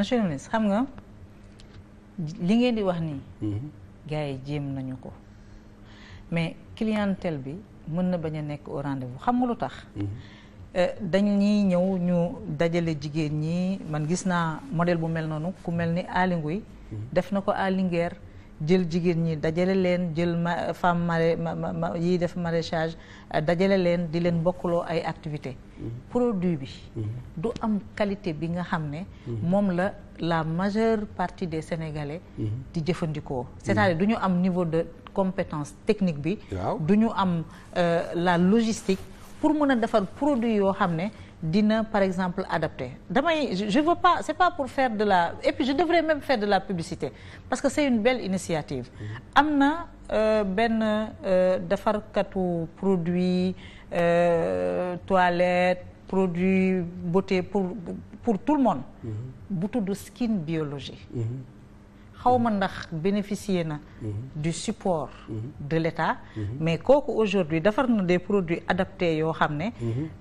monsieur le xam nga li ngeen di wax nii. Mhm. gars yi jéem nañu ko mais clientel bi mën na bañ a nekk au bu xam nga lu tax. Mhm. Euh, dañuy ñëw ñu dajale jigéen ñi man gis naa model bu mel noonu ku mel ni Aly mhm. def na ko à Linguère jël jigéen ñi dajale leen jël ma femme mara yiy def maraîchage dajale leen di leen bokkuloo ay activité mhm. produit bi mhm. du am qualité bi nga xam ne mhm. moom la la majeure partie des sénégalais di jëfandikoo c'est-à-dire du ñu am niveau de compétence technique bi du ñu am euh, la logistique pour mën a defar produit yoo xam ne dina par exemple adapté damay je veux pas c'est pas pour faire de la et puis je devrais même faire de la publicité parce que c'est une belle initiative mhm. am na euh, benn euh, defarkatu produit euh, toilette produit beauté pour pour tout le monde mhm. bu tudd skin biologie mm -hmm. xaw ma ndax bénéficier na mhm. du support mhm. de l'État mhm. mais kooku aujourd'hui defar na des produits adaptés yoo xam ne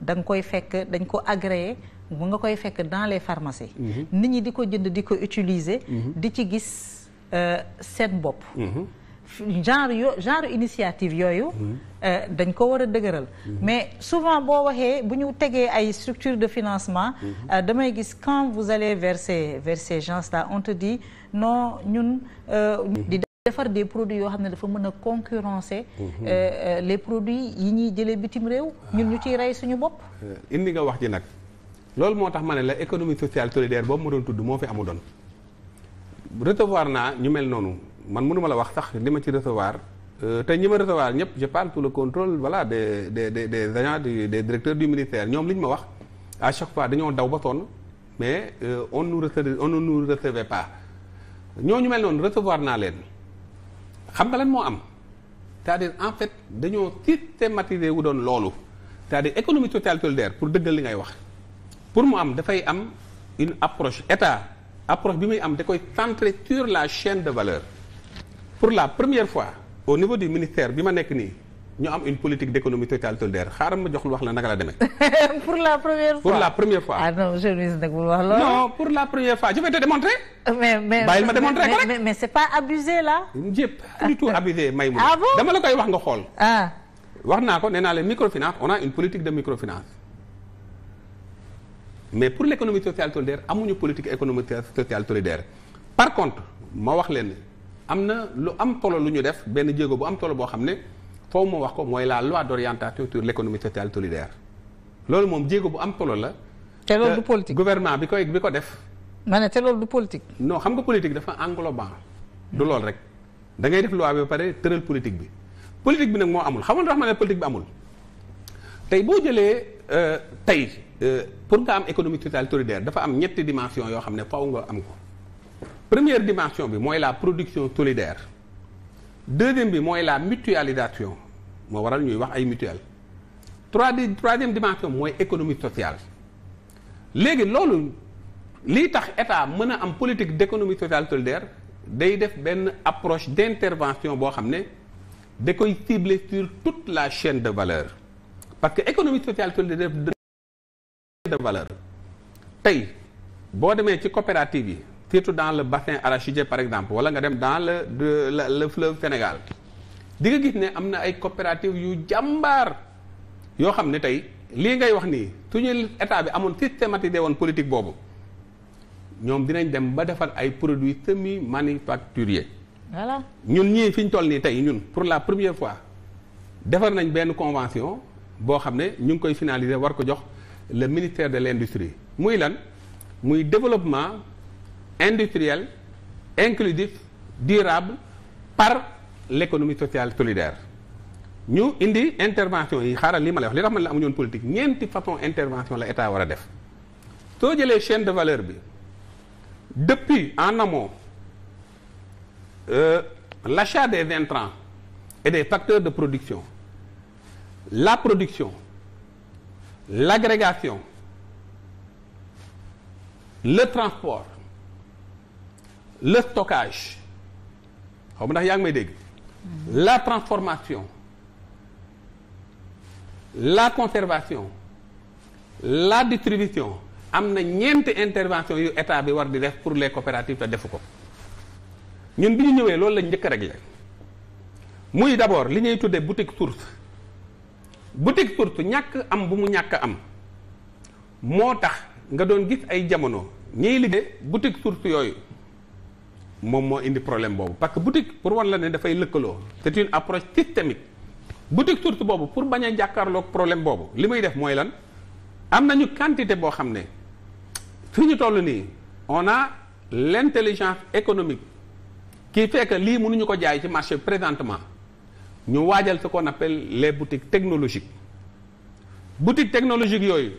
da koy fekk dañ ko agréé bu nga koy fekk dans les pharmacies nit ñi di ko jënd di ko utiliser di ci gis euh, seen bopp genre yo genre initiative yooyu. Euh, dañ ko war a dëgëral. mais souvent boo waxee bu ñu tegee ay structures de financement. Euh, damay gis quand vous allez vers ces vers ces gens là on te dit non ñun. Euh, di defar des produits yoo xam ne dafa mën a concurrencer. les produits yi ñuy jëlee bitim réew. ñun ñu ciy rey suñu bopp. indi nga wax ji nag loolu moo tax ma ne la économie sociale solidaire boobu ma doon tudd moo fi amu doon recevoir naa ñu mel noonu. man mënuma la wax sax li ma ci recevoir euh, te ñi ma recevoir ñëpp je parle sous le contrôle voilà de de des des agents du ministère ñoom li ñu ma wax à chaque fois dañoo daw ba sonn mais euh, on nous recevait on ne nous recevait pas ñooñu mel noonu recevoir naa leen xam nga leen moo am cest à en fait dañoo systématiser wu doon loolu c'est-à-dire économie sociale solidaire pour dëggal li ngay wax pour mu am dafay am une approche état approche bi muy am da koy centrer sur la chaîne de valeur pour la première fois au niveau du ministère bi ma nekk nii ñu am une politique d'économie totale solidaire xaaral ma jox lu wax la naka la demee. pour la première fois pour la première fois. ah non monsieur le ministre nag bul wax loolu. non pour la première fois je vais te démontrer. Euh, mais mais bàyyil ma démontrer ko rek. mais mais c'est pas abusé là. njëpp du tout abusé Maymouna. ah bon dama la koy wax nga xool. ah. wax naa ko nee naa leen microfinance on a une politique de microfinance. mais pour l'économie sociale solidaire amuñu politique économique sociale par contre ma wax leen. am na lu am tolo lu ñu def benn jéego bu am tolo boo xam ne foofu moo wax ko mooy la loi d'orientation sur l'économie sociale solidaire loolu moom jéego bu am tolo la. te loolu du politique gouvernement bi koy bi ko def. ma ne te loolu du politique. non xam nga politique dafa englobant du loolu rek da ngay def loi bi ba pare tëral politique bi politique bi nag moo amul xam nga tax ne politique bi amul tey boo jëlee euh, tey euh, pour nga am économie sociale solidaire dafa am ñetti dimension yoo xam ne faaw nga am ko. première dimension bi mooy la production solidaire deuxième bi mooy la mutualisation moo waral ñuy wax ay mutuelle troisième troisième dimension mooy économie sociale léegi loolu lii tax état mën a am politique d'économie sociale solidaire day def benn approche d'intervention boo xam ne da koy cibler sur toute la chaine de valeur parce que économie sociale solidaire de valeur tey boo demee ci coopérative yi surtout dans le bassin arachidier par exemple wala nga dem dans le de, la, fleuve Sénégal di nga gis ne am na ay coopératives yu jàmbaar yoo xam ne tey lii ngay wax nii suñu état bi amoon systématisé woon politique boobu ñoom dinañ dem ba defar ay produits semi manufacturiers. voilà ñun ñii fi ñu toll nii tey ñun pour la première fois defar nañ benn convention boo xam ne ñu ngi koy finaliser war ko jox le ministère de l'industrie muy lan muy développement. industriel inclusif durable par l'économie sociale solidaire ñu indi intervention yi xaaral li ma lay wax li tax man la amu ñoon politique ñeenti façon intervention la état war a def soo jëlee chaîne de valeur bi depuis en amont euh, l'achat des intrants et des facteurs de production la production l'agrégation le transport le stockage xaw ma ndax yaa ngi may dégg la transformation la conservation la distribution am na ñeenti intervention yu état bi war di def pour les coopératives te defu ko ñun bi ñu ñëwee loolu lañ njëkk rek réglé muy d'abord li ñuy tuddee boutique source boutique source ñàkk am bu mu ñàkk am moo tax nga doon gis ay jamono ñiy liggéey boutique source yooyu moom moo indi problème boobu parce que boutique pour war la ne dafay lëkkaloo c'est une approche systémique boutique surtout boobu pour bañ a jàkkaarloog problème boobu li muy def mooy lan am nañu quantité boo xam ne fi ñu toll nii on a l'intelligence économique qui fait que lii mënuñu ko jaay ci marché présentement ñu waajal si qu'on appelle les boutiques technologique boutique technologique yooyu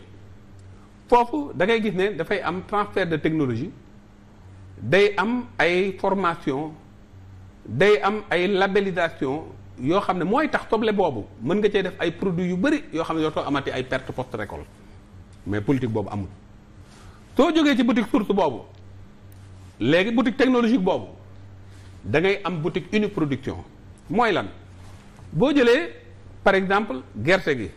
foofu da ngay gis ne dafay am transfert de technologie day am ay formation day am ay labellisation yoo xam ne mooy tax soble boobu mën nga cee def ay produits yu bëri yoo xam ne dootoo amati ay perte post récolte mais politique boobu amul soo jógee ci boutique source boobu léegi boutique technologique boobu da ngay am boutique production mooy lan boo jëlee par exemple gerte gi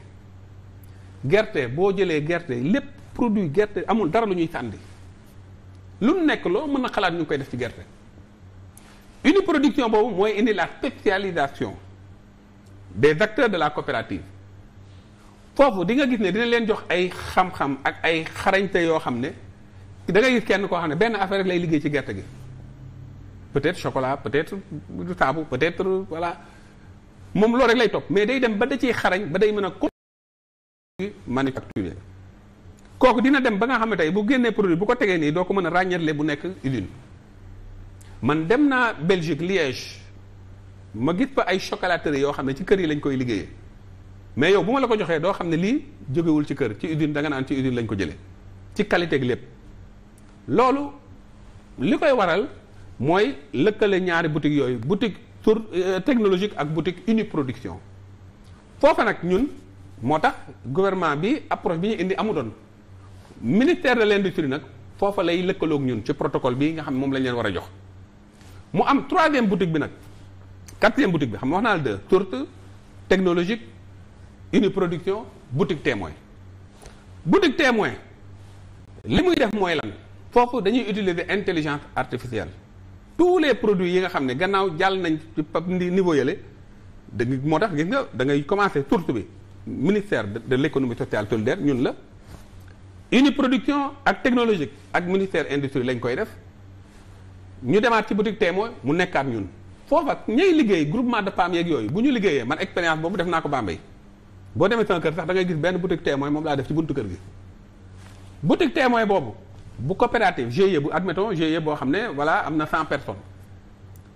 gerte boo jëlee gerte lépp produit gerte amul dara lu ñuy sàndi lu mu nekk loo mën a xalaat ñu ngi koy def ci gerte production boobu mooy indi la spécialisation des acteurs de la coopérative foofu di nga gis ne dina leen jox ay xam-xam ak ay xarañ te yoo xam ne da gis kenn koo xam ne benn affaire rek lay liggéey ci gerte gi peut-être chocolat peut-être du saabu peut-être voilà moom loolu rek lay topp mais day dem ba da ciy xarañ ba day mën a manufacturer kooku dina dem ba nga xam ne tey bu génnee produit bu ko tegee nii doo ko mën a ràññetle bu nekk usine man dem naa Belgique liege ma gis fa ay chocolaterie yoo xam ne ci kër yi lañ koy liggéeyee mais yow bu ma la ko joxee doo xam ne lii jógewul ci kër ci usine da nga naan ci usine lañ ko jëlee ci qualité ak lépp loolu li koy waral mooy lëkkale ñaari boutique yooyu boutique tour euh, technologique ak boutique production foofa nag ñun moo tax gouvernement bi approche bi indi amu ministère de l'industrie nag foofa lay lëkkaloog ñun ci protocole bi nga xam moom lañ leen war a jox mu am troisième boutique bi nag quatrième boutique bi xam nga wax naa la deux tourte technologique production boutique témoin boutique témoin li muy def mooy lan foofu dañuy utiliser intelligence artificielle tous les produits yi nga xam ne gannaaw jàll nañ ci pap niveau yële da moo tax gis nga da ngay commencer tourte bi ministère de l'économie sociale solidaire ñun la production ak technologique ak ministère industrie lañ koy def ñu demaat ci boutique témoin mu nekkaat ñun foofa ñay liggéey groupement de femmes yeeg yooyu bu ñu liggéeyee man expérience boobu def naa ko Bambey boo demee sama kër sax da ngay gis benn boutique témoin moom laa def ci buntu kër gi boutique témoin boobu bu coopérative GIE bu admettons GIE boo xam ne voilà am na cent personnes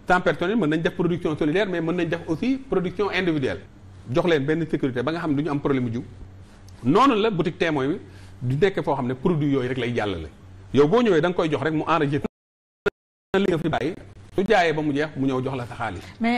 cent personnes yi mën nañ def production solidaire mais mën nañ def aussi production individuelle jox leen benn sécurité ba nga xam ne am problème mu noonu la boutique témoin bi du nekk foo xam ne produit yooyu rek lay jàllale yow boo ñëwee danga koy jox rek mu enregistré li nga fi bàyyi su jaayee ba mu jeex mu ñëw jox la sa xaalis